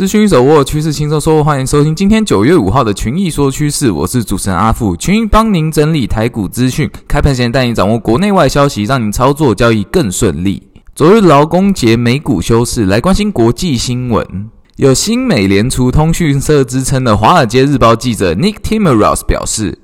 資訊一手握，趨勢輕鬆說，歡迎收聽今天九月五號的群益說趨勢，我是主持人阿富，群益幫您整理台股資訊，開盤前帶你掌握國內外消息，讓你操作交易更順利。昨日勞工節美股休市，來關心國際新聞。有新美聯儲通訊社之稱的《華爾街日報》記者 Nick Timiraos 表示。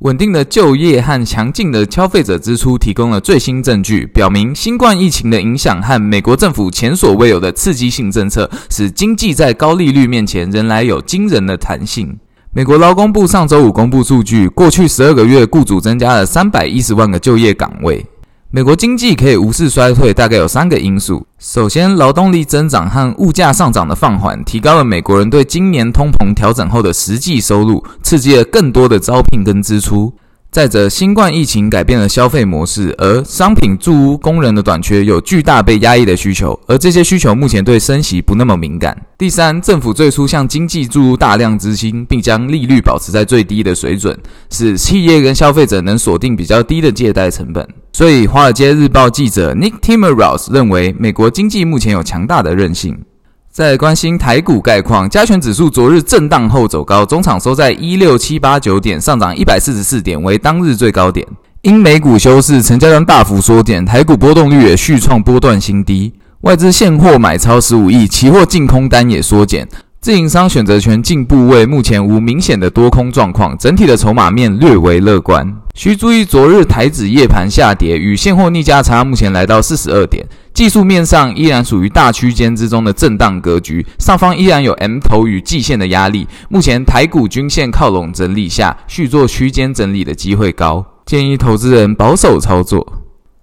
穩定的就業和強勁的消費者支出提供了最新證據，表明新冠疫情的影響和美國政府前所未有的刺激性政策，使經濟在高利率面前仍然有驚人的彈性。美國勞工部上周五公布數據，過去十二個月雇主增加了三百一十萬個就業崗位。美國經濟可以無視衰退，大概有三個因素。首先，勞動力增長和物價上漲的放緩，提高了美國人對今年通膨調整後的實際收入，刺激了更多的招聘跟支出。再者，新冠疫情改變了消費模式，而商品、住屋、工人的短缺有巨大被壓抑的需求，而這些需求目前對升息不那麼敏感。第三，政府最初向經濟注入大量資金，並將利率保持在最低的水準，使企業跟消費者能鎖定比較低的借貸成本。所以，《華爾街日報》記者 Nick Timiraos 認為，美國經濟目前有強大的韌性。在關心台股概況，加權指數昨日震盪後走高，中場收在一六七八九點，上漲一百四十四點，為當日最高點。因美股休市，成交量大幅縮減，台股波動率也續創波段新低。外資現貨買超十五億，期貨淨空單也縮減。自營商選擇權淨部位目前無明顯的多空狀況，整體的籌碼面略為樂觀，需注意昨日台指夜盤下跌與現貨逆價差目前來到四十二點，技術面上依然屬於大區間之中的震盪格局，上方依然有 M 頭與季線的壓力，目前台股均線靠攏整理下，續作區間整理的機會高，建議投資人保守操作。